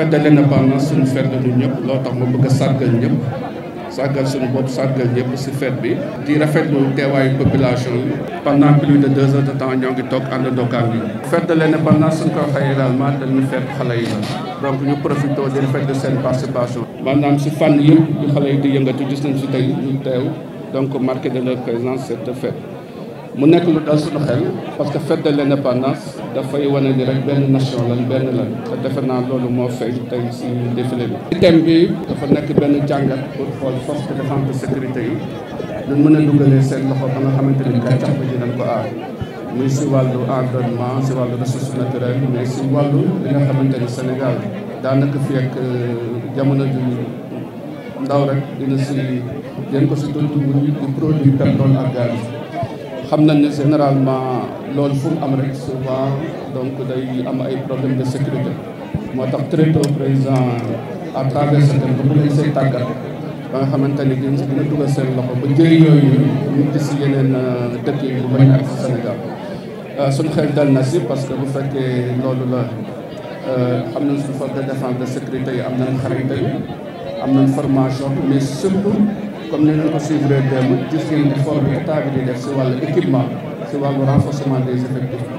fête de l'indépendance suñu fête la ñu ñëpp loo tax ma bëgg a sàggal ñëpp suñu bopp sàggal ñëpp si fête bi. di rafetlu teewaayu population yi. pendant plus de deux heures de temps ñoo ngi toog àndandoo kàddu yi. fête de l'indépendance suñu ko waxee également dañuy fête xale yi la donc ñu profité di rafetlu seen participation. maanaam si fànn yëpp yu xale yi di yëngatu gis nañ tey donc marqué de leur présence cette fête. mu nekk lu dal suñu xel parce que fête de dafay wane ni rek benn nation lan benn lan te defe naa loolu moo fay tey si défilé bi. thème bi dafa nekk benn jàngat pour xool force de défense de sécurité yi ñu mën a dugalee seen loxo ba nga xamante ni gàncax gi dinañ ko aar muy si wàllu environnement si wàllu ressource naturelle mais si wallu li nga xamante ni Sénégal daanaka fi ak euh, jamono ju ndaw rek dina si leen ko si tontu bu ñu di produit pétrole ak xam nañ ne généralement loolu fu am rek souvent donc day am ay problème de sécurité moo tax très tôt président à travers sa thème bu leen seen tàggat ba nga xamante ni dinañ dina dugal seen loxo ba jëriñ yooyu ñu gis yeneen dëkk yi bu bañ ak Sénégal suñu xel dal na si parce que bu fekkee loolu la am nañ suñu force de défense de sécurité yi am nañ xarañte yi am nañ formation mais surtout comme nous renforcement des effectifs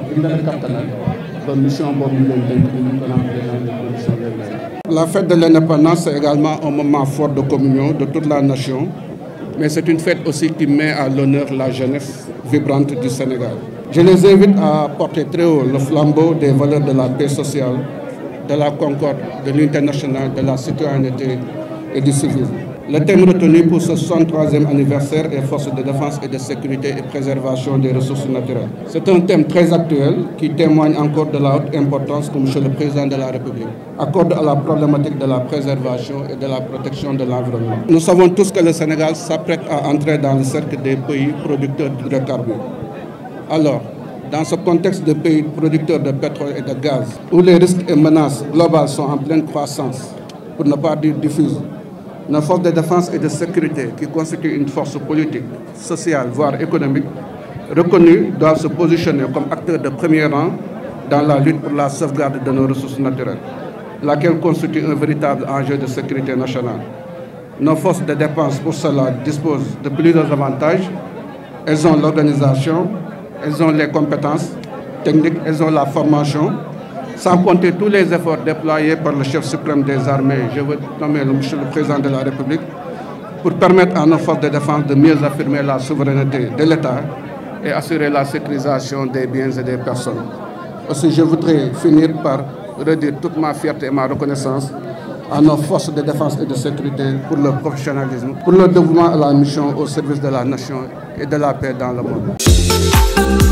la fête de l'indépendance est également un moment fort de communion de toute la nation mais c'est une fête aussi qui met à l'honneur la jeunesse vibrante du Sénégal. Je les invite à porter très haut le flambeau des valeurs de la paix sociale, de la concorde, de l'international, de la citoyenneté et du civil. Le thème retenu pour ce 63e anniversaire est force de défense et de sécurité et préservation des ressources naturelles. C'est un thème très actuel qui témoigne encore de la haute importance que M. le Président de la République accorde à la problématique de la préservation et de la protection de l'environnement. Nous savons tous que le Sénégal s'apprête à entrer dans le cercle des pays producteurs de carbone. Alors, dans ce contexte de pays producteurs de pétrole et de gaz, où les risques et menaces globales sont en pleine croissance, pour ne pas dire diffuse. Nos forces de défense et de sécurité, qui constituent une force politique, sociale, voire économique, reconnue, doivent se positionner comme acteurs de premier rang dans la lutte pour la sauvegarde de nos ressources naturelles, laquelle constitue un véritable enjeu de sécurité nationale. Nos forces de défense, pour cela disposent de plusieurs avantages. Elles ont l'organisation, elles ont les compétences techniques, elles ont la formation, sans compter tous les efforts déployés par le chef suprême des armées, je veux nommer le, monsieur le président de la République, pour permettre à nos forces de défense de mieux affirmer la souveraineté de l'État et assurer la sécurisation des biens et des personnes. Aussi, je voudrais finir par redire toute ma fierté et ma reconnaissance à nos forces de défense et de sécurité pour leur professionnalisme, pour leur dévouement à la mission au service de la nation et de la paix dans le monde.